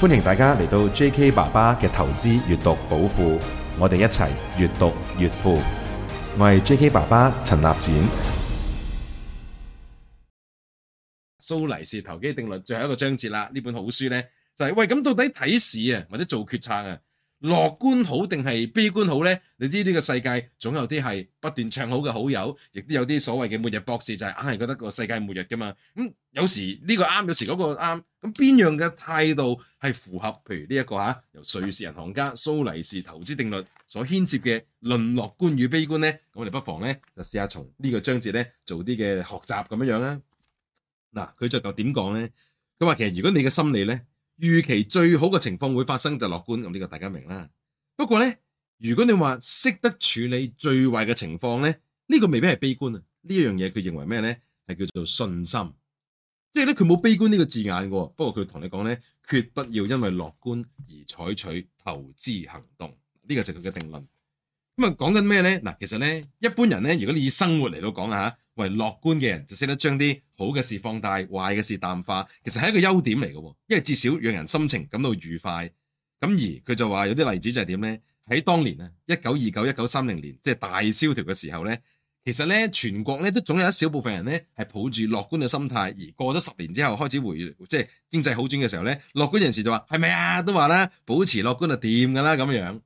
歡迎大家嚟到 J.K. 爸爸嘅投資閱讀寶庫，我哋一齊閱讀越富。我係 J.K. 爸爸陳立展。蘇黎士投機定律最後一個章節啦，呢本好書呢，就係、是、喂，咁到底睇市啊，或者做決策啊？樂觀好定係悲觀好呢？你知呢個世界總有啲係不斷唱好嘅好友，亦都有啲所謂嘅末日博士，就係硬係覺得個世界末日噶嘛。咁有時呢個啱，有時嗰個啱。咁邊樣嘅態度係符合？譬如呢、這、一個吓、啊，由瑞士銀行家蘇黎士投資定律所牽涉嘅論樂觀與悲觀呢，咁我哋不妨呢，就試下從呢個章節呢做啲嘅學習咁樣樣啊。嗱，佢就就點講呢？咁啊，其實如果你嘅心理呢……」預期最好嘅情況會發生就是、樂觀，咁、這、呢個大家明啦。不過咧，如果你話識得處理最壞嘅情況咧，呢、這個未必係悲觀啊。呢一樣嘢佢認為咩咧？係叫做信心，即係咧佢冇悲觀呢個字眼嘅。不過佢同你講咧，決不要因為樂觀而採取投資行動，呢、這個就係佢嘅定論。咁啊，講緊咩咧？嗱，其實咧，一般人咧，如果你以生活嚟到講啦吓，喂，樂觀嘅人就識得將啲好嘅事放大，壞嘅事淡化，其實係一個優點嚟嘅，因為至少讓人心情感到愉快。咁而佢就話有啲例子就係點咧？喺當年咧，一九二九、一九三零年，即係大蕭條嘅時候咧，其實咧，全國咧都總有一小部分人咧係抱住樂觀嘅心態，而過咗十年之後開始回，即係經濟好轉嘅時候咧，樂觀人士就話係咪啊？都話啦，保持樂觀就掂噶啦，咁樣。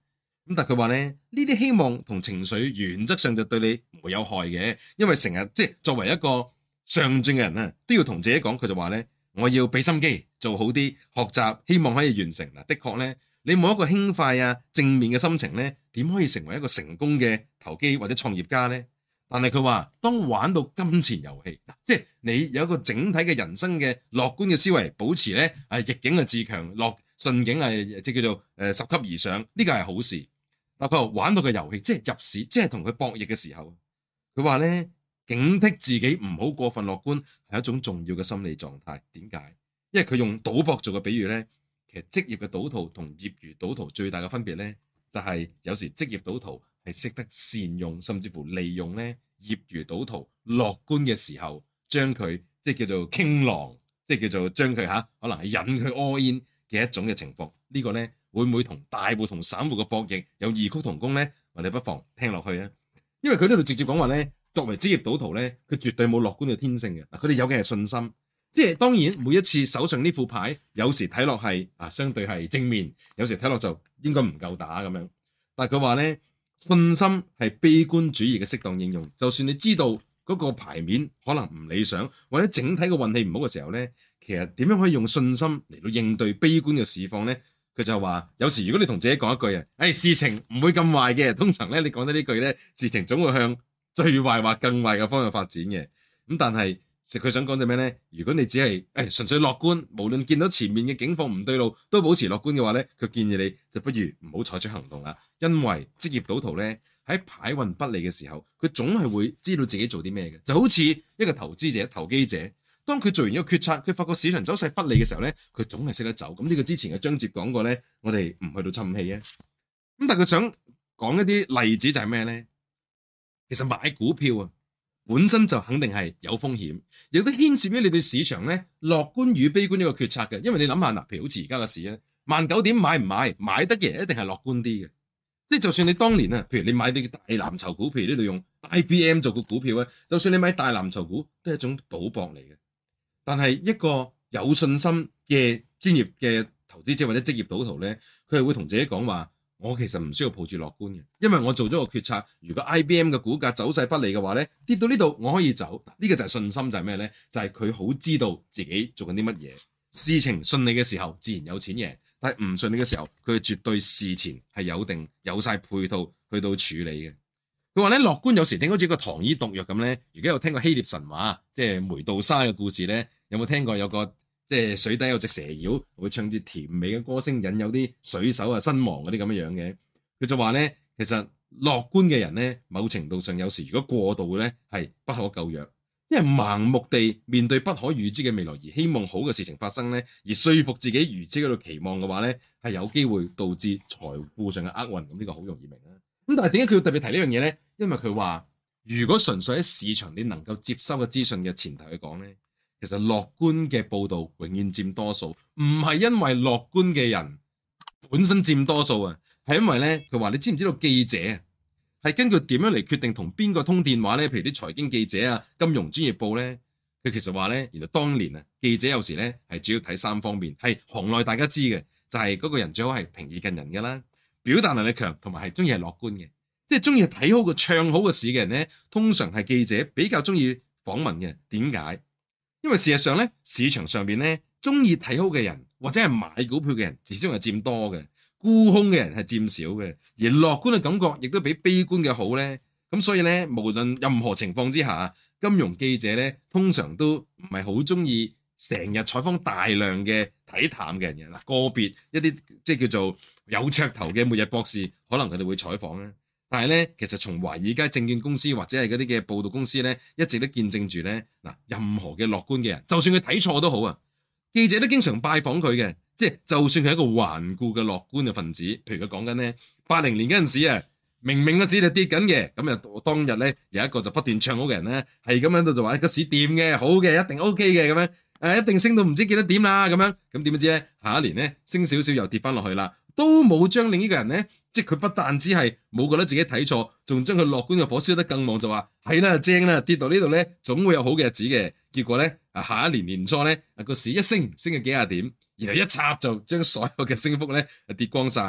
咁但係佢話咧，呢啲希望同情緒，原則上就對你唔會有害嘅，因為成日即係作為一個上進嘅人啊，都要同自己講，佢就話咧，我要俾心機做好啲學習，希望可以完成嗱。的確咧，你冇一個輕快啊正面嘅心情咧，點可以成為一個成功嘅投機或者創業家咧？但係佢話，當玩到金錢遊戲，即係你有一個整體嘅人生嘅樂觀嘅思維，保持咧係逆境嘅自強，落順境係即叫做誒拾級而上，呢個係好事。嗱，佢玩到嘅遊戲，即係入市，即係同佢博弈嘅時候，佢話咧，警惕自己唔好過分樂觀係一種重要嘅心理狀態。點解？因為佢用賭博做嘅比喻咧，其實職業嘅賭徒同業餘賭徒最大嘅分別咧，就係有時職業賭徒係識得善用，甚至乎利用咧業餘賭徒樂觀嘅時候，將佢即係叫做傾囊，即係叫做將佢嚇可能係引佢 all in 嘅一種嘅情況。呢個咧。會唔會同大戶同散戶嘅博弈有異曲同工呢？我哋不妨聽落去啊！因為佢呢度直接講話呢，作為職業賭徒呢，佢絕對冇樂觀嘅天性嘅。佢哋有嘅係信心，即係當然每一次手上呢副牌，有時睇落係啊，相對係正面；有時睇落就應該唔夠打咁樣。但係佢話呢，「信心係悲觀主義嘅適當應用。就算你知道嗰個牌面可能唔理想，或者整體嘅運氣唔好嘅時候呢，其實點樣可以用信心嚟到應對悲觀嘅市況呢？佢就話，有時如果你同自己講一句啊，誒、哎、事情唔會咁壞嘅，通常咧你講得呢句咧，事情總會向最壞或更壞嘅方向發展嘅。咁但係，其實佢想講就咩咧？如果你只係誒、哎、純粹樂觀，無論見到前面嘅境況唔對路，都保持樂觀嘅話咧，佢建議你就不如唔好採取行動啦。因為職業賭徒咧，喺牌運不利嘅時候，佢總係會知道自己做啲咩嘅，就好似一個投資者、投機者。當佢做完一個決策，佢發覺市場走勢不利嘅時候咧，佢總係識得走。咁、這、呢個之前嘅章節講過咧，我哋唔去到氹氣嘅。咁但係佢想講一啲例子就係咩咧？其實買股票啊，本身就肯定係有風險，亦都牽涉於你對市場咧樂觀與悲觀呢個決策嘅。因為你諗下嗱，譬如好似而家嘅市咧，萬九點買唔買？買得嘅一定係樂觀啲嘅。即係就算你當年啊，譬如你買啲大藍籌股，譬如呢度用 I B M 做個股票啊，就算你買大藍籌股都係一種賭博嚟嘅。但係一個有信心嘅專業嘅投資者或者職業賭徒呢，佢係會同自己講話：我其實唔需要抱住樂觀嘅，因為我做咗個決策。如果 IBM 嘅股價走勢不利嘅話呢，跌到呢度，我可以走。呢個就係信心，就係咩呢？就係佢好知道自己做緊啲乜嘢事情，順利嘅時候自然有錢贏，但係唔順利嘅時候，佢絕對事前係有定有晒配套去到處理嘅。佢話咧，樂觀有時聽好似個糖衣毒藥咁咧。如果有聽過希臘神話，即係梅杜莎嘅故事咧。有冇聽過有個即係水底有隻蛇妖，會唱住甜美嘅歌聲，引誘啲水手啊身亡嗰啲咁樣樣嘅。佢就話咧，其實樂觀嘅人咧，某程度上有時如果過度咧，係不可救藥，因為盲目地面對不可預知嘅未來，而希望好嘅事情發生咧，而說服自己如此嗰度期望嘅話咧，係有機會導致財富上嘅厄運。咁呢個好容易明啦。咁但係點解佢要特別提呢樣嘢呢？因為佢話，如果純粹喺市場你能夠接收嘅資訊嘅前提去講呢，其實樂觀嘅報道永遠佔多數，唔係因為樂觀嘅人本身佔多數啊，係因為呢，佢話你知唔知道記者係根據點樣嚟決定同邊個通電話呢？譬如啲財經記者啊、金融專業報呢，佢其實話呢，原來當年啊，記者有時呢係主要睇三方面，係行內大家知嘅，就係嗰個人最好係平易近人噶啦。表達能力強同埋係中意係樂觀嘅，即係中意睇好個唱好個市嘅人咧，通常係記者比較中意訪問嘅。點解？因為事實上咧，市場上邊咧中意睇好嘅人或者係買股票嘅人，始終係佔多嘅，沽空嘅人係佔少嘅，而樂觀嘅感覺亦都比悲觀嘅好咧。咁所以咧，無論任何情況之下，金融記者咧通常都唔係好中意。成日採訪大量嘅睇淡嘅人嘅。嗱，個別一啲即係叫做有噱頭嘅末日博士，可能佢哋會採訪咧。但係咧，其實從華爾街證券公司或者係嗰啲嘅報道公司咧，一直都見證住咧嗱，任何嘅樂觀嘅人，就算佢睇錯都好啊。記者都經常拜訪佢嘅，即係就算佢係一個頑固嘅樂觀嘅分子，譬如佢講緊咧，八零年嗰陣時啊，明明個市就跌緊嘅，咁啊當日咧有一個就不斷唱好嘅人咧，係咁喺度就話個市掂嘅，好嘅，一定 OK 嘅咁樣。誒、啊、一定升到唔知幾多點啦，咁樣，咁點知咧，下一年咧升少少又跌翻落去啦，都冇將另一個人咧，即係佢不但只係冇覺得自己睇錯，仲將佢樂觀嘅火燒得更旺，就話係啦，正啦，跌到呢度咧，總會有好嘅日子嘅。結果咧啊，下一年年初咧啊，個市一升升嘅幾廿點，然後一插就將所有嘅升幅咧啊跌光晒。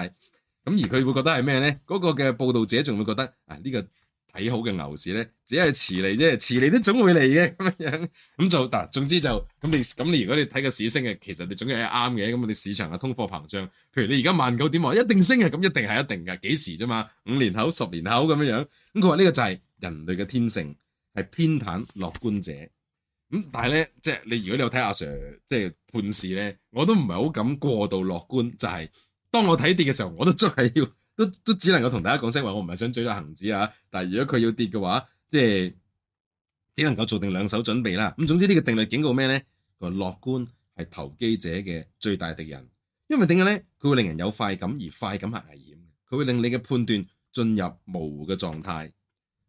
咁而佢會覺得係咩咧？嗰、那個嘅報導者仲會覺得啊呢、這個。睇好嘅牛市咧，只係遲嚟啫，遲嚟都總會嚟嘅咁樣，咁就嗱，總之就咁你咁你如果你睇個市升嘅，其實你總係啱嘅。咁你市場嘅通貨膨脹，譬如你而家萬九點話一定升嘅，咁一定係一定㗎，幾時啫嘛？五年後、十年後咁樣樣。咁佢話呢個就係人類嘅天性係偏袒樂觀者。咁、嗯、但係咧，即係你如果你有睇阿 Sir 即係判事咧，我都唔係好敢過度樂觀，就係、是、當我睇跌嘅時候，我都真係要。都，都只能夠同大家講聲話，我唔係想追咗恒指啊，但如果佢要跌嘅話，即係只能夠做定兩手準備啦。咁總之呢個定律警告咩呢？佢話樂觀係投機者嘅最大敵人，因為點解呢？佢會令人有快感，而快感係危險，佢會令你嘅判斷進入模糊嘅狀態。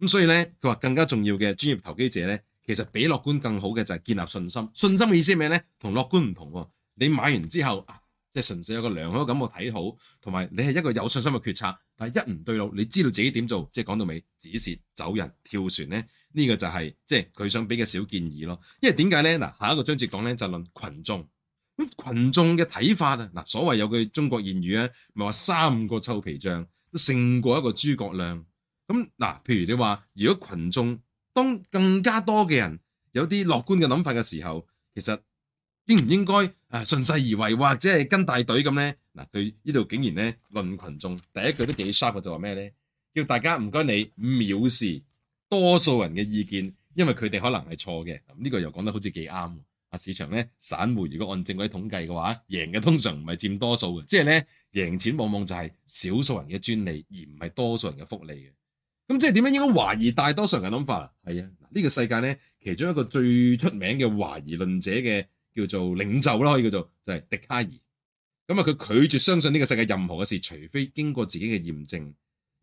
咁所以呢，佢話更加重要嘅專業投機者呢，其實比樂觀更好嘅就係建立信心。信心嘅意思咩呢？同樂觀唔同，你買完之後即係純粹有個良好嘅咁睇好，同埋你係一個有信心嘅決策。但係一唔對路，你知道自己點做，即係講到尾，只是走人跳船咧，呢、這個就係、是、即係佢想俾嘅小建議咯。因為點解咧？嗱，下一個章節講咧就論群眾。咁羣眾嘅睇法啊，嗱，所謂有句中國諺語咧，咪話三個臭皮匠都勝過一個諸葛亮。咁嗱，譬如你話，如果群眾當更加多嘅人有啲樂觀嘅諗法嘅時候，其實，應唔應該誒順勢而為，或者係跟大隊咁咧？嗱，佢呢度竟然咧論群眾，第一句都幾 sharp 就話咩咧？叫大家唔該你藐視多數人嘅意見，因為佢哋可能係錯嘅。咁、這、呢個又講得好似幾啱。啊，市場咧散戶如果按正規統計嘅話，贏嘅通常唔係佔多數嘅，即係咧贏錢往往就係少數人嘅專利，而唔係多數人嘅福利嘅。咁即係點樣應該懷疑大多數人嘅諗法啊？係啊，呢、這個世界咧其中一個最出名嘅懷疑論者嘅。叫做領袖啦，可以叫做就係、是、笛卡爾。咁啊，佢拒絕相信呢個世界任何嘅事，除非經過自己嘅驗證。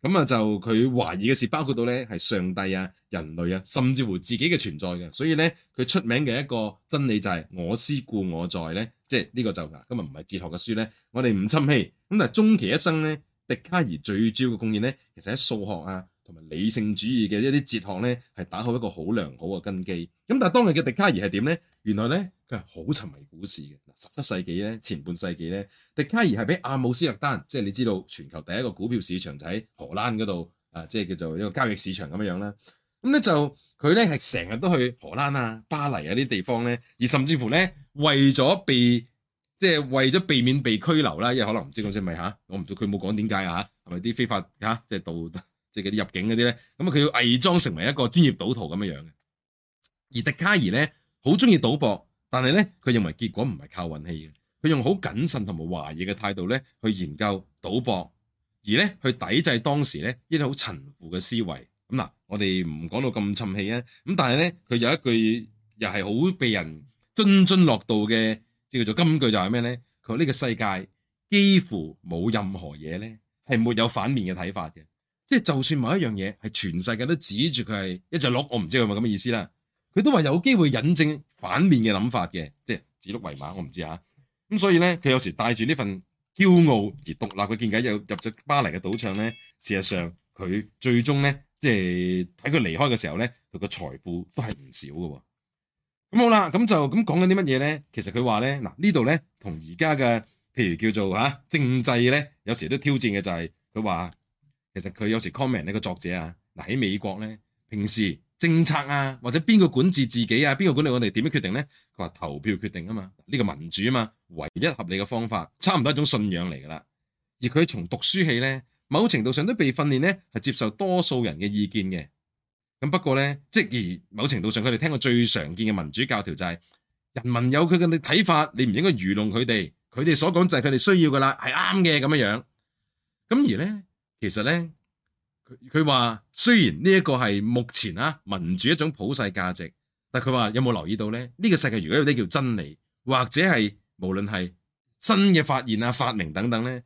咁啊，就佢懷疑嘅事包括到咧，係上帝啊、人類啊，甚至乎自己嘅存在嘅。所以咧，佢出名嘅一個真理就係、是、我思故我在咧，即係呢個就嗱，今日唔係哲學嘅書咧，我哋唔侵氣。咁但係終其一生咧，笛卡爾最主要嘅貢獻咧，其實喺數學啊同埋理性主義嘅一啲哲學咧，係打好一個好良好嘅根基。咁但係當日嘅笛卡爾係點咧？原來咧，佢係好沉迷股市嘅。嗱，十七世紀咧，前半世紀咧，笛卡爾係俾阿姆斯特丹，即係你知道全球第一個股票市場就喺荷蘭嗰度，啊，即係叫做一個交易市場咁樣樣啦。咁咧就佢咧係成日都去荷蘭啊、巴黎啊啲地方咧，而甚至乎咧，為咗被即係為咗避免被拘留啦，因為可能唔知嗰陣咪嚇，我唔知佢冇講點解啊嚇，係咪啲非法嚇即係到即係啲入境嗰啲咧？咁啊，佢、嗯、要偽裝成為一個專業賭徒咁樣樣嘅，而笛卡爾咧，呢呢好中意賭博，但係咧，佢認為結果唔係靠運氣嘅。佢用好謹慎同埋懷疑嘅態度咧，去研究賭博，而咧去抵制當時咧一啲好陳腐嘅思維。咁、嗯、嗱，我哋唔講到咁沉氣啊。咁但係咧，佢有一句又係好被人津津樂道嘅，即叫做金句就，就係咩咧？佢話呢個世界幾乎冇任何嘢咧係沒有反面嘅睇法嘅。即係就算某一樣嘢係全世界都指住佢係一隻鹿，我唔知佢係咪咁嘅意思啦。佢都話有機會引證反面嘅諗法嘅，即係指鹿為馬，我唔知嚇、啊。咁所以咧，佢有時帶住呢份驕傲而獨立嘅見解又入入咗巴黎嘅賭場咧，事實上佢最終咧，即係喺佢離開嘅時候咧，佢嘅財富都係唔少嘅、啊。咁好啦，咁就咁講緊啲乜嘢咧？其實佢話咧，嗱呢度咧同而家嘅譬如叫做嚇、啊、政制咧，有時都挑戰嘅就係佢話，其實佢有時 comment 呢、呢個作者啊，嗱喺美國咧平時。政策啊，或者邊個管治自己啊，邊個管理我哋點樣決定咧？佢話投票決定啊嘛，呢個民主啊嘛，唯一合理嘅方法，差唔多一種信仰嚟噶啦。而佢從讀書起咧，某程度上都被訓練咧，係接受多數人嘅意見嘅。咁不過咧，即而某程度上佢哋聽過最常見嘅民主教條就係人民有佢嘅睇法，你唔應該愚弄佢哋，佢哋所講就係佢哋需要噶啦，係啱嘅咁樣樣。咁而咧，其實咧。佢話雖然呢一個係目前啊，民主一種普世價值，但佢話有冇留意到咧？呢、這個世界如果有啲叫真理，或者係無論係新嘅發現啊、發明等等咧，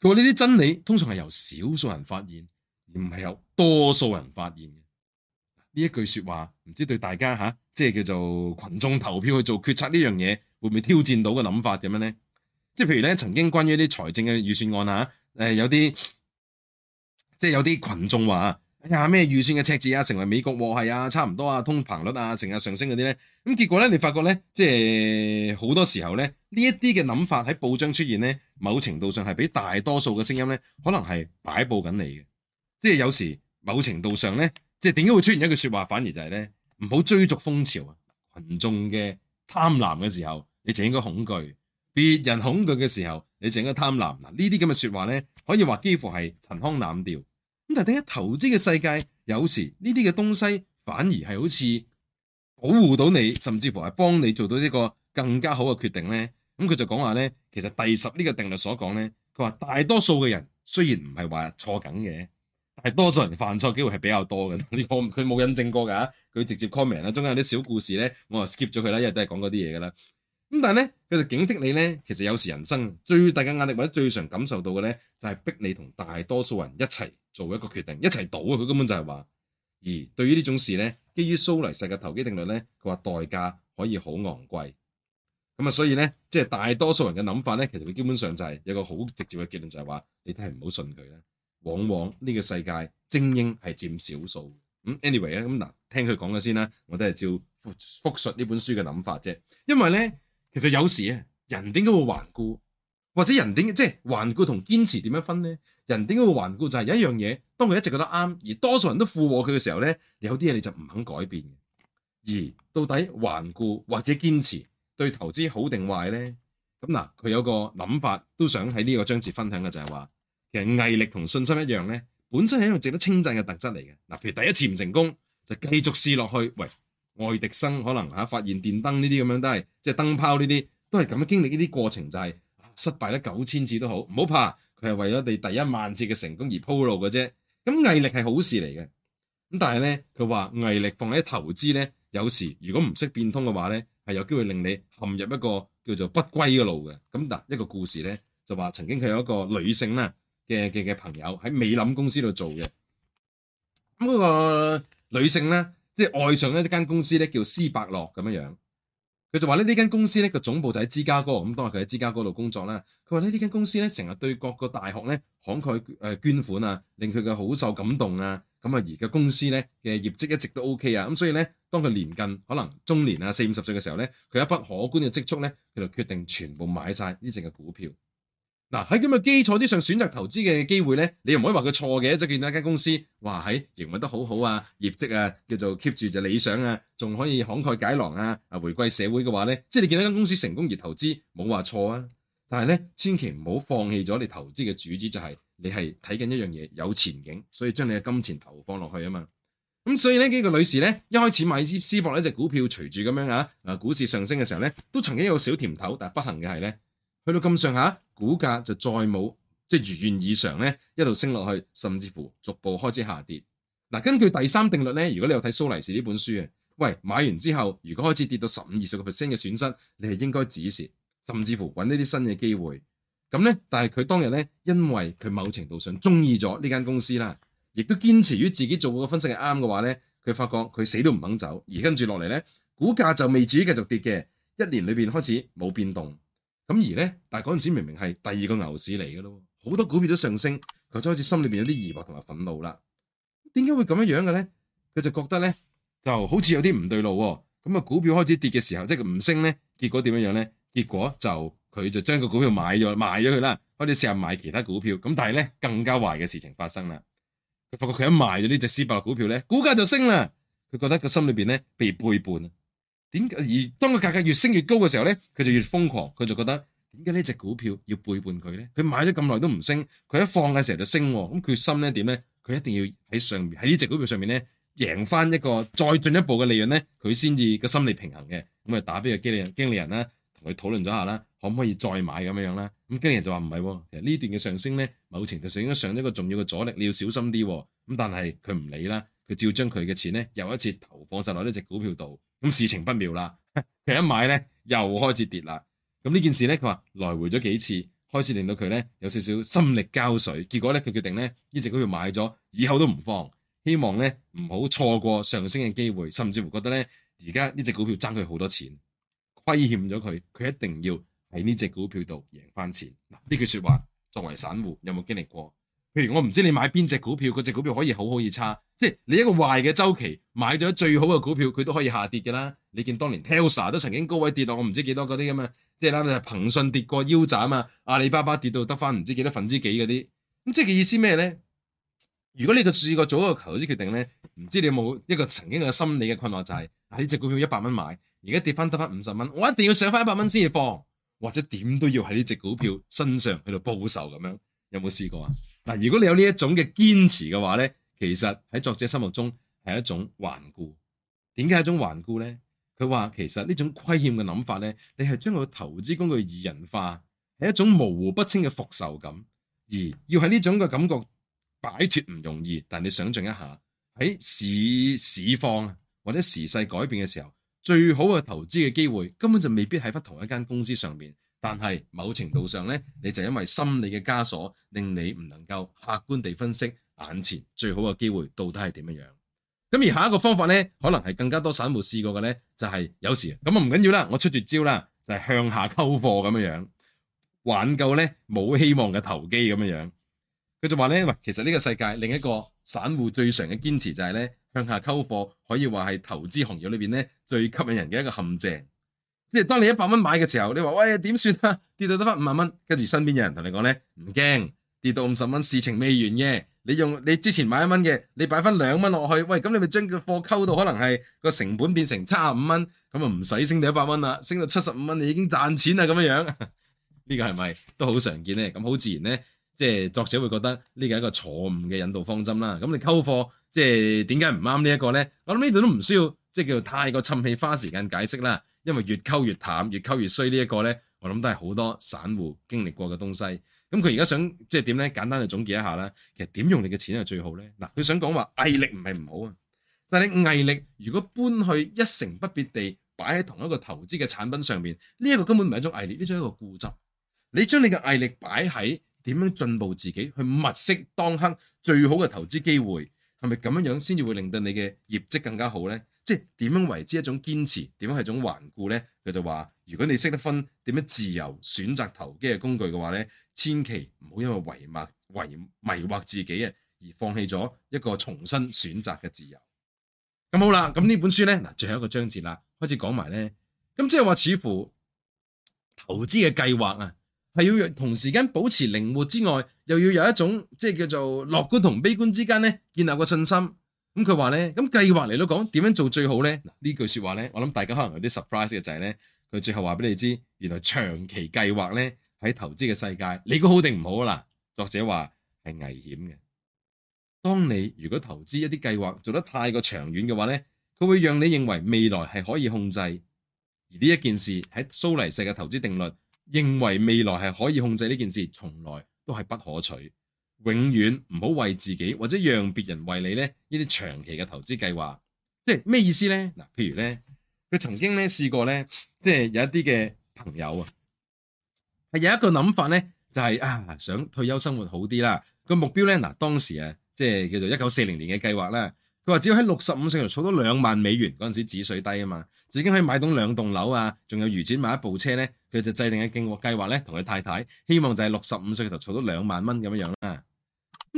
佢話呢啲真理通常係由少數人發現，而唔係由多數人發現。呢一句說話唔知對大家吓、啊，即係叫做群眾投票去做決策呢樣嘢，會唔會挑戰到個諗法咁樣咧？即係譬如咧，曾經關於啲財政嘅預算案吓，誒、啊、有啲。即係有啲群眾話啊，哎、咩預算嘅赤字啊，成為美國禍係啊，差唔多啊，通膨率啊，成日上升嗰啲咧，咁結果咧，你發覺咧，即係好多時候咧，呢一啲嘅諗法喺報章出現咧，某程度上係俾大多數嘅聲音咧，可能係擺佈緊你嘅。即係有時某程度上咧，即係點解會出現一句説話，反而就係咧，唔好追逐風潮啊。群眾嘅貪婪嘅時候，你就應該恐懼；別人恐懼嘅時候，你就應該貪婪。嗱呢啲咁嘅説話咧，可以話幾乎係陳腔濫調。咁但係點解投資嘅世界，有時呢啲嘅東西反而係好似保護到你，甚至乎係幫你做到呢個更加好嘅決定咧。咁佢就講話咧，其實第十呢個定律所講咧，佢話大多數嘅人雖然唔係話錯緊嘅，大多數人犯錯機會係比較多嘅。呢個佢冇印證過㗎，佢直接 comment 啦。中間有啲小故事咧，我啊 skip 咗佢啦，因為都係講嗰啲嘢㗎啦。咁但係咧，佢就警惕你咧。其實有時人生最大嘅壓力或者最常感受到嘅咧，就係、是、逼你同大多數人一齊做一個決定，一齊賭、啊。佢根本就係話，而對於呢種事咧，基於蘇黎士嘅投機定律咧，佢話代價可以好昂貴。咁啊，所以咧，即、就、係、是、大多數人嘅諗法咧，其實佢基本上就係有一個好直接嘅結論，就係、是、話你都係唔好信佢啦。往往呢個世界精英係佔少數。咁、嗯、anyway 咧，咁嗱，聽佢講嘅先啦，我都係照複述呢本書嘅諗法啫，因為咧。其實有時啊，人點解會頑固，或者人點即係頑固同堅持點樣分咧？人點解會頑固就係有一樣嘢，當佢一直覺得啱，而多數人都附和佢嘅時候咧，有啲嘢你就唔肯改變嘅。而到底頑固或者堅持對投資好定壞咧？咁嗱，佢有個諗法都想喺呢個章節分享嘅就係話，其實毅力同信心一樣咧，本身係一種值得稱讚嘅特質嚟嘅。嗱，譬如第一次唔成功就繼續試落去，喂。愛迪生可能吓、啊、發現電燈呢啲咁樣都係，即係燈泡呢啲都係咁樣經歷呢啲過程就係、是、失敗咗九千次都好，唔好怕，佢係為咗你第一萬次嘅成功而鋪路嘅啫。咁毅力係好事嚟嘅，咁但係咧佢話毅力放喺投資咧，有時如果唔識變通嘅話咧，係有機會令你陷入一個叫做不歸嘅路嘅。咁嗱，一個故事咧就話曾經佢有一個女性啦嘅嘅嘅朋友喺美林公司度做嘅，咁、那、嗰個女性咧。即係愛上呢一間公司咧，叫施伯樂咁樣樣。佢就話咧呢間公司咧個總部就喺芝加哥，咁當係佢喺芝加哥度工作啦。佢話咧呢間公司咧成日對各個大學咧慷慨誒捐款啊，令佢嘅好受感動啊。咁啊而家公司咧嘅業績一直都 OK 啊，咁所以咧當佢年近可能中年啊四五十歲嘅時候咧，佢有一筆可觀嘅積蓄咧，佢就決定全部買晒呢隻嘅股票。嗱，喺咁嘅基礎之上選擇投資嘅機會呢，你又唔可以話佢錯嘅。即係見到一間公司話係營運得好好啊，業績啊叫做 keep 住就理想啊，仲可以慷慨解囊啊，啊回饋社會嘅話呢，即係你見到一間公司成功而投資冇話錯啊。但係呢，千祈唔好放棄咗你投資嘅主旨，就係、是、你係睇緊一樣嘢有前景，所以將你嘅金錢投放落去啊嘛。咁所以呢呢個女士呢，一開始買斯斯博呢隻股票隨，隨住咁樣啊，股市上升嘅時候呢，都曾經有小甜頭，但不幸嘅係呢，去到咁上下。股價就再冇即、就是、如願以償咧，一路升落去，甚至乎逐步開始下跌。根據第三定律咧，如果你有睇蘇黎士呢本書嘅，喂買完之後，如果開始跌到十五二十個 percent 嘅損失，你係應該止蝕，甚至乎揾呢啲新嘅機會。咁咧，但係佢當日咧，因為佢某程度上中意咗呢間公司啦，亦都堅持於自己做過嘅分析係啱嘅話咧，佢發覺佢死都唔肯走，而跟住落嚟咧，股價就未至於繼續跌嘅，一年裏面開始冇變動。咁而咧，但係嗰陣時明明係第二個牛市嚟嘅咯，好多股票都上升，佢就開始心裏邊有啲疑惑同埋憤怒啦。點解會咁樣樣嘅咧？佢就覺得咧，就好似有啲唔對路喎，哦。咁、嗯、啊，股票開始跌嘅時候，即係佢唔升咧，結果點樣樣咧？結果就佢就將個股票買咗，賣咗佢啦，開始試下買其他股票。咁但係咧，更加壞嘅事情發生啦。佢發覺佢一賣咗呢隻私博股票咧，股價就升啦。佢覺得佢心裏邊咧被背叛。點而當個價格越升越高嘅時候咧，佢就越瘋狂，佢就覺得點解呢隻股票要背叛佢咧？佢買咗咁耐都唔升，佢一放嘅時候就升，咁、嗯、決心咧點咧？佢一定要喺上面喺呢隻股票上面咧贏翻一個再進一步嘅利潤咧，佢先至個心理平衡嘅。咁、嗯、啊，打俾個經理人經理人啦，同佢討論咗下啦，可唔可以再買咁樣樣啦？咁、嗯、經理人就話唔係，其實呢段嘅上升咧，某程度上應該上咗一個重要嘅阻力，你要小心啲咁、啊嗯。但係佢唔理啦，佢照將佢嘅錢咧又一次投放晒落呢隻股票度。咁事情不妙啦，佢一買咧又開始跌啦。咁呢件事咧，佢話來回咗幾次，開始令到佢咧有少少心力交瘁。結果咧，佢決定咧呢隻股票買咗以後都唔放，希望咧唔好錯過上升嘅機會，甚至乎覺得咧而家呢隻股票爭佢好多錢虧欠咗佢，佢一定要喺呢隻股票度贏翻錢。嗱，呢句說話作為散戶有冇經歷過？譬如我唔知你買邊隻股票，嗰隻股票可以好好易差，即係你一個壞嘅周期買咗最好嘅股票，佢都可以下跌嘅啦。你見當年 Tesla 都曾經高位跌落，我唔知幾多嗰啲咁啊，即係諗住騰訊跌過腰斬啊，阿里巴巴跌到得翻唔知幾多分之幾嗰啲，咁即係嘅意思咩咧？如果你就試過做一個投資決定咧，唔知你有冇一個曾經嘅心理嘅困惑就係、是，啊呢隻股票一百蚊買，而家跌翻得翻五十蚊，我一定要上翻一百蚊先至放，或者點都要喺呢隻股票身上喺度報仇咁樣，有冇試過啊？嗱，如果你有呢一種嘅堅持嘅話咧，其實喺作者心目中係一種頑固。點解一種頑固咧？佢話其實呢種虧欠嘅諗法咧，你係將個投資工具擬人化，係一種模糊不清嘅復仇感。而要喺呢種嘅感覺擺脱唔容易。但你想象一下，喺市市況或者時勢改變嘅時候，最好嘅投資嘅機會根本就未必喺翻同一間公司上面。但係某程度上咧，你就因為心理嘅枷鎖，令你唔能夠客觀地分析眼前最好嘅機會到底係點樣樣。咁而下一個方法咧，可能係更加多散戶試過嘅咧，就係有時咁啊，唔緊要啦，我出絕招啦，就係向下溝貨咁樣樣，挽救咧冇希望嘅投機咁樣樣。佢就話咧，喂，其實呢個世界另一個散戶最常嘅堅持就係咧，向下溝貨可以話係投資行業裏邊咧最吸引人嘅一個陷阱。即係當你一百蚊買嘅時候，你話喂，點算啊？跌到得翻五萬蚊，跟住身邊有人同你講咧，唔驚跌到五十蚊，事情未完嘅。你用你之前買一蚊嘅，你擺翻兩蚊落去，喂咁你咪將個貨溝到可能係個成本變成七十五蚊，咁啊唔使升到一百蚊啦，升到七十五蚊你已經賺錢啦咁樣樣，呢 個係咪都好常見咧？咁好自然咧，即係作者會覺得呢個係一個錯誤嘅引導方針啦。咁你溝貨即係點解唔啱呢一個咧？我諗呢度都唔需要即係叫做太過侵氣，花時間解釋啦。因為越溝越淡，越溝越衰呢一個呢，我諗都係好多散戶經歷過嘅東西。咁佢而家想即係點呢？簡單去總結一下啦。其實點用你嘅錢係最好呢？嗱，佢想講話毅力唔係唔好啊，但係毅力如果搬去一成不變地擺喺同一個投資嘅產品上面，呢一個根本唔係一種毅力，呢種係一個固執。你將你嘅毅力擺喺點樣進步自己，去物色當刻最好嘅投資機會，係咪咁樣樣先至會令到你嘅業績更加好呢？即係點樣為之一種堅持，點樣係一種頑固咧？佢就話：如果你識得分點樣自由選擇投機嘅工具嘅話咧，千祈唔好因為遺物為迷惑自己啊，而放棄咗一個重新選擇嘅自由。咁好啦，咁呢本書咧嗱，最後一個章節啦，開始講埋咧。咁即係話，似乎投資嘅計劃啊，係要同時間保持靈活之外，又要有一種即係叫做樂觀同悲觀之間咧，建立個信心。咁佢話咧，咁計劃嚟到講點樣做最好咧？嗱，呢句說話咧，我諗大家可能有啲 surprise 嘅就係咧，佢最後話俾你知，原來長期計劃咧喺投資嘅世界，你估好定唔好啦？作者話係危險嘅。當你如果投資一啲計劃做得太過長遠嘅話咧，佢會讓你認為未來係可以控制。而呢一件事喺蘇黎世嘅投資定律認為未來係可以控制呢件事，從來都係不可取。永遠唔好為自己或者讓別人為你咧，呢啲長期嘅投資計劃，即係咩意思咧？嗱，譬如咧，佢曾經咧試過咧，即係有一啲嘅朋友啊，有一個諗法咧，就係啊想退休生活好啲啦。個目標咧嗱，當時啊，即係叫做一九四零年嘅計劃咧，佢話只要喺六十五歲度儲到兩萬美元嗰陣時，紙水低啊嘛，自己可以買棟兩棟樓啊，仲有餘錢買一部車咧。佢就制定嘅敬臥計劃咧，同佢太太希望就係六十五歲度儲到兩萬蚊咁樣樣啦。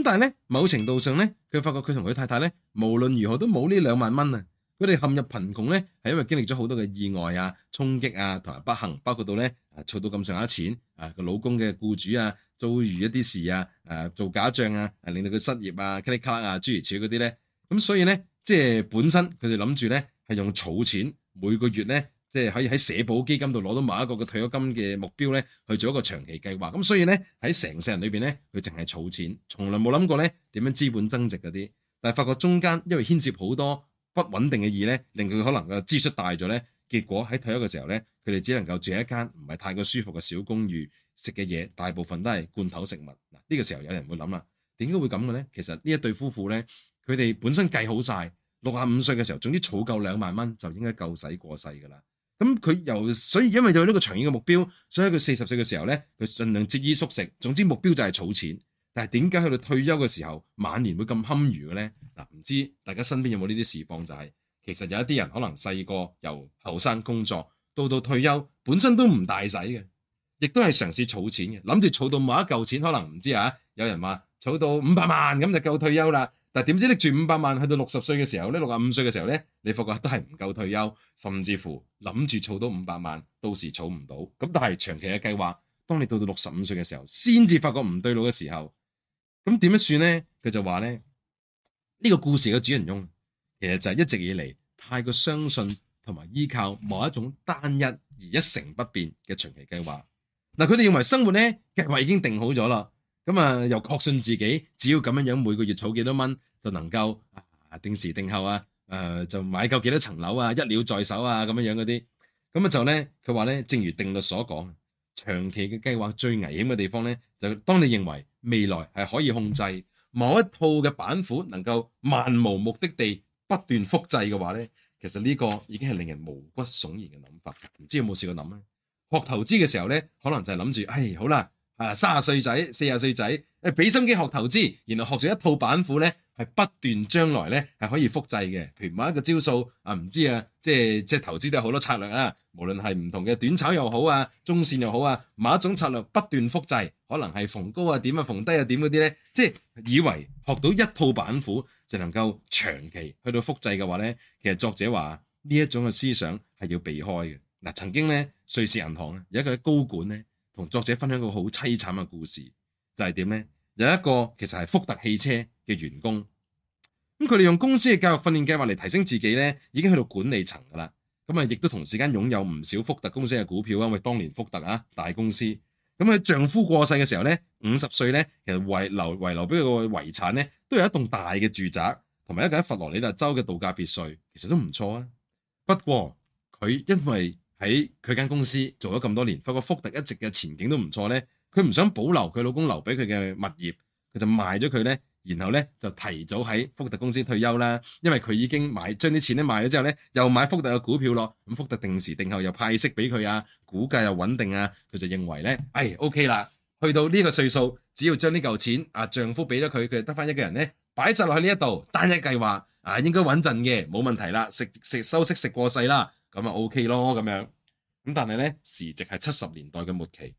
但係某程度上咧，佢發覺佢同佢太太咧，無論如何都冇呢兩萬蚊啊！佢哋陷入貧窮咧，係因為經歷咗好多嘅意外啊、衝擊啊，同埋不幸，包括到咧啊，儲到咁上下錢啊，佢老公嘅僱主啊遭遇一啲事啊，誒做假賬啊，令到佢失業啊，卡里卡啊，諸如此類嗰啲，咁所以呢，即係本身佢哋諗住呢，係用儲錢每個月呢。即係可以喺社保基金度攞到某一個嘅退休金嘅目標咧，去做一個長期計劃。咁所以咧喺成世人裏邊咧，佢淨係儲錢，從來冇諗過咧點樣資本增值嗰啲。但係發覺中間因為牽涉好多不穩定嘅嘢咧，令佢可能個支出大咗咧，結果喺退休嘅時候咧，佢哋只能夠住一間唔係太過舒服嘅小公寓，食嘅嘢大部分都係罐頭食物嗱。呢個時候有人會諗啦，點解會咁嘅咧？其實呢一對夫婦咧，佢哋本身計好晒，六十五歲嘅時候，總之儲夠兩萬蚊就應該夠使過世㗎啦。咁佢由所以因為有呢個長遠嘅目標，所以佢四十歲嘅時候咧，佢盡量節衣縮食。總之目標就係儲錢。但係點解去到退休嘅時候晚年會咁堪虞嘅咧？嗱、啊，唔知大家身邊有冇呢啲事況？就係、是、其實有一啲人可能細個由後生工作到到退休，本身都唔大使嘅，亦都係嘗試儲錢嘅，諗住儲到某一嚿錢，可能唔知啊。有人話儲到五百萬咁就夠退休啦。但係點知你住五百萬，去到六十歲嘅時候咧，六十五歲嘅時候咧，你發覺都係唔夠退休，甚至乎諗住儲到五百萬，到時儲唔到。咁但係長期嘅計劃，當你到到六十五歲嘅時候，先至發覺唔對路嘅時候，咁點樣算咧？佢就話咧，呢個故事嘅主人翁，其實就係一直以嚟太過相信同埋依靠某一種單一而一成不變嘅長期計劃。嗱，佢哋認為生活咧計劃已經定好咗啦。咁啊、嗯，又確信自己只要咁樣樣每個月儲幾多蚊，就能夠啊定時定候啊，誒、呃、就買夠幾多層樓啊，一了在手啊咁樣樣嗰啲，咁啊就咧，佢話咧，正如定律所講，長期嘅計劃最危險嘅地方咧，就當你認為未來係可以控制某一套嘅板斧能夠漫無目的地不斷複製嘅話咧，其實呢個已經係令人毛骨悚然嘅諗法。唔知有冇試過諗咧？學投資嘅時候咧，可能就係諗住，誒好啦。啊，三十歲仔、四十歲仔，誒，俾心機學投資，然後學咗一套板斧咧，係不斷將來咧係可以複製嘅。譬如某一個招數啊，唔知啊，即係即係投資都有好多策略啊，無論係唔同嘅短炒又好啊，中線又好啊，某一種策略不斷複製，可能係逢高啊點啊，逢低又點嗰啲咧，即係以為學到一套板斧就能夠長期去到複製嘅話咧，其實作者話呢一種嘅思想係要避開嘅。嗱、呃，曾經咧，瑞士銀行有一個高管咧。同作者分享個好凄慘嘅故事，就係點咧？有一個其實係福特汽車嘅員工，咁佢利用公司嘅教育訓練計劃嚟提升自己咧，已經去到了管理層噶啦。咁啊，亦都同時間擁有唔少福特公司嘅股票啊。因為當年福特啊大公司，咁啊丈夫過世嘅時候咧，五十歲咧，其實遺留遺留俾佢嘅遺產咧，都有一棟大嘅住宅，同埋一個佛羅里達州嘅度假別墅，其實都唔錯啊。不過佢因為，喺佢間公司做咗咁多年，發覺福特一直嘅前景都唔錯呢。佢唔想保留佢老公留俾佢嘅物業，佢就賣咗佢呢。然後呢，就提早喺福特公司退休啦。因為佢已經買將啲錢咧賣咗之後呢，又買福特嘅股票咯。咁福特定時定候又派息俾佢啊，股價又穩定啊。佢就認為呢，唉、哎、OK 啦，去到呢個歲數，只要將呢嚿錢啊，丈夫俾咗佢，佢得返一個人呢，擺晒落喺呢一度單一計劃啊，應該穩陣嘅，冇問題啦，食食收息食過世啦。咁啊，OK 咯，咁樣咁，但係咧時值係七十年代嘅末期，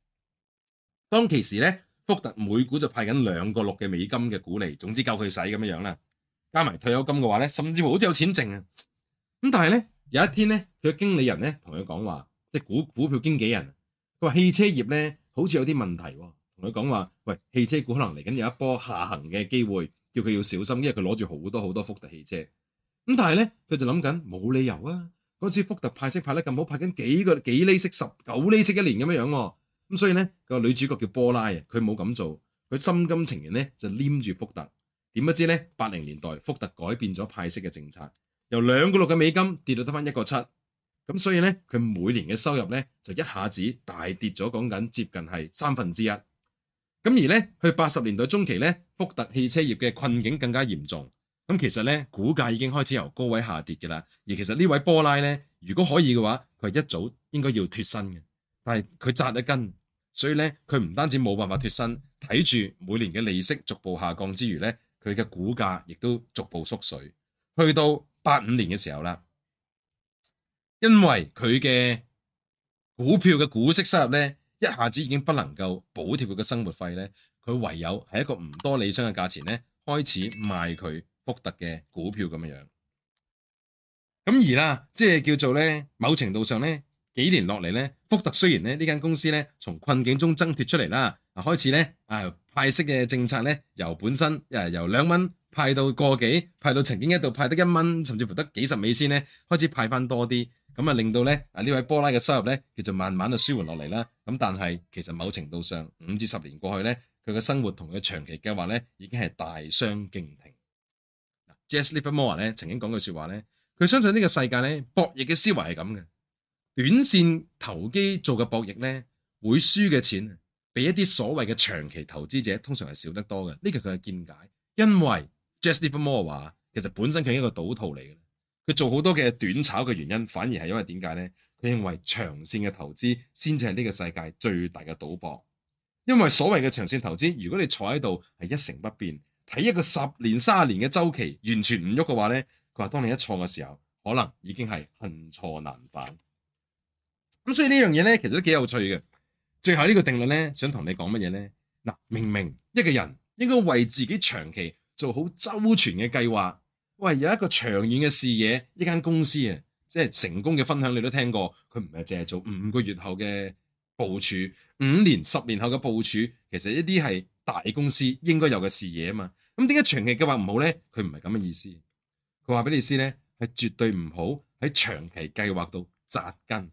當其時咧福特每股就派緊兩個六嘅美金嘅股利，總之夠佢使咁樣樣啦。加埋退休金嘅話咧，甚至乎好似有錢剩啊。咁但係咧，有一天咧，佢嘅經理人咧同佢講話，即係股股票經紀人，佢話汽車業咧好似有啲問題、哦，同佢講話喂，汽車股可能嚟緊有一波下行嘅機會，叫佢要小心，因為佢攞住好多好多多福特汽車。咁但係咧，佢就諗緊冇理由啊。好似福特派息派得咁好，派緊幾個幾厘息，十九厘息一年咁樣樣，咁所以咧，個女主角叫波拉啊，佢冇咁做，佢心甘情願咧就黏住福特。點不知咧？八零年代福特改變咗派息嘅政策，由兩個六嘅美金跌到得翻一個七，咁所以咧，佢每年嘅收入咧就一下子大跌咗，講緊接近係三分之一。咁而咧去八十年代中期咧，福特汽車業嘅困境更加嚴重。咁其實呢，股價已經開始由高位下跌嘅啦。而其實呢位波拉呢，如果可以嘅話，佢一早應該要脫身嘅。但係佢紮咗根，所以呢，佢唔單止冇辦法脫身，睇住每年嘅利息逐步下降之餘呢，佢嘅股價亦都逐步縮水，去到八五年嘅時候啦。因為佢嘅股票嘅股息收入呢，一下子已經不能夠補貼佢嘅生活費呢，佢唯有喺一個唔多理想嘅價錢呢，開始賣佢。福特嘅股票咁樣樣，咁而啦，即係叫做咧，某程度上咧，幾年落嚟咧，福特雖然咧呢間公司咧從困境中掙脫出嚟啦，啊開始咧啊派息嘅政策咧由本身誒、啊、由兩蚊派到個幾派到曾經一度派得一蚊，甚至乎得幾十美仙咧開始派翻多啲，咁啊令到咧啊呢位波拉嘅收入咧佢就慢慢啊舒緩落嚟啦。咁、啊、但係其實某程度上五至十年過去咧，佢嘅生活同佢長期計劃咧已經係大相徑庭。Jesse Livermore 咧曾經講句説話咧，佢相信呢個世界咧，博弈嘅思維係咁嘅，短線投機做嘅博弈咧，會輸嘅錢，比一啲所謂嘅長期投資者通常係少得多嘅。呢個佢嘅見解，因為 Jesse Livermore 話，其實本身佢係一個賭徒嚟嘅，佢做好多嘅短炒嘅原因，反而係因為點解咧？佢認為長線嘅投資先至係呢個世界最大嘅賭博，因為所謂嘅長線投資，如果你坐喺度係一成不變。睇一個十年、三十年嘅周期完全唔喐嘅話呢，佢話，當你一錯嘅時候，可能已經係恨錯難返。咁所以呢樣嘢呢，其實都幾有趣嘅。最後呢個定律呢，想同你講乜嘢呢？嗱，明明一個人應該為自己長期做好周全嘅計劃，喂，有一個長遠嘅視野。一間公司啊，即係成功嘅分享，你都聽過，佢唔係淨係做五個月後嘅。部署五年、十年後嘅部署，其實一啲係大公司應該有嘅視野啊嘛。咁點解長期計劃唔好咧？佢唔係咁嘅意思。佢話俾你知咧，係絕對唔好喺長期計劃度扎根。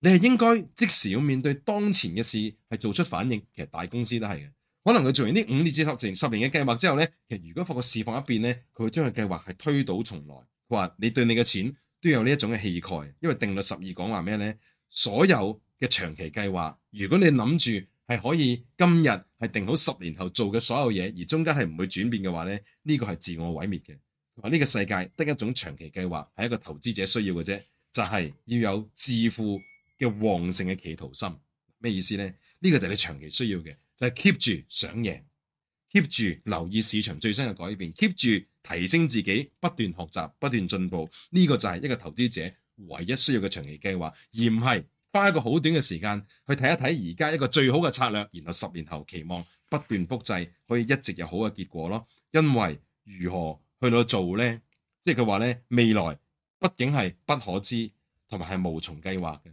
你係應該即時要面對當前嘅事，係做出反應。其實大公司都係嘅。可能佢做完呢五年至十年、十年嘅計劃之後咧，其實如果發個市況一變咧，佢會將個計劃係推倒重來。佢話你對你嘅錢都有呢一種嘅氣概，因為定律十二講話咩咧？所有嘅長期計劃，如果你諗住係可以今日係定好十年後做嘅所有嘢，而中間係唔會轉變嘅話咧，呢個係自我毀滅嘅。同埋呢個世界得一種長期計劃係一個投資者需要嘅啫，就係要有致富嘅旺盛嘅企圖心。咩意思呢？呢個就係你長期需要嘅，就係 keep 住想贏，keep 住留意市場最新嘅改變，keep 住提升自己，不斷學習，不斷進步。呢個就係一個投資者唯一需要嘅長期計劃，而唔係。花一個好短嘅時間去睇一睇而家一個最好嘅策略，然後十年後期望不斷複製，可以一直有好嘅結果咯。因為如何去到做呢？即係佢話呢，未來畢竟係不可知，同埋係無從計劃嘅。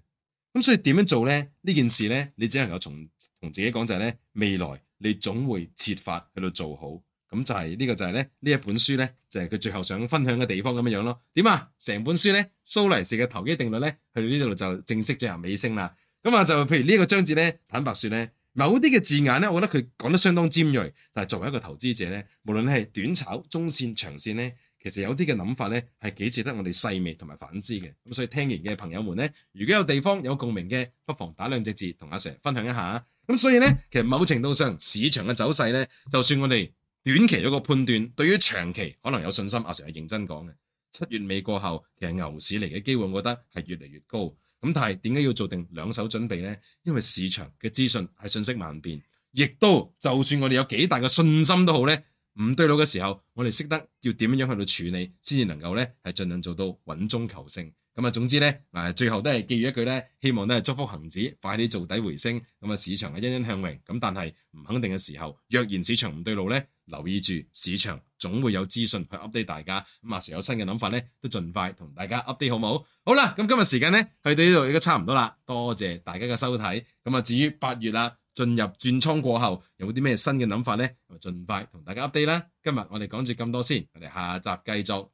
咁所以點樣做呢？呢件事呢，你只能夠同同自己講就係呢：未來你總會設法去到做好。咁就係、是、呢、這個就係咧呢一本書咧，就係、是、佢最後想分享嘅地方咁樣樣咯。點啊？成本書咧，蘇黎士嘅投機定律咧，去到呢度就正式進入尾聲啦。咁啊，就譬如呢一個章節咧，坦白說咧，某啲嘅字眼咧，我覺得佢講得相當尖鋭。但係作為一個投資者咧，無論係短炒、中線、長線咧，其實有啲嘅諗法咧，係幾值得我哋細味同埋反思嘅。咁所以聽完嘅朋友們咧，如果有地方有共鳴嘅，不妨打兩隻字同阿 Sir 分享一下。咁所以咧，其實某程度上市場嘅走勢咧，就算我哋短期有一個判斷，對於長期可能有信心，阿成係認真講嘅。七月尾過後，其實牛市嚟嘅機會，我覺得係越嚟越高。咁但係點解要做定兩手準備呢？因為市場嘅資訊係信息萬變，亦都就算我哋有幾大嘅信心都好咧。唔對路嘅時候，我哋識得要點樣去到處理，先至能夠咧係盡量做到穩中求勝。咁啊，總之呢，最後都係寄語一句咧，希望咧祝福恒指快啲做底回升，咁啊市場啊欣欣向榮。但係唔肯定嘅時候，若然市場唔對路呢，留意住市場總會有資訊去 update 大家。咁啊，有新嘅諗法呢，都盡快同大家 update 好唔好？好啦，咁今日時間呢，去到呢度已經差唔多啦，多謝大家嘅收睇。咁啊，至於八月啦。進入轉倉過後，有冇啲咩新嘅諗法呢？我哋，盡快同大家 update 啦。今日我哋講住咁多先，我哋下集繼續。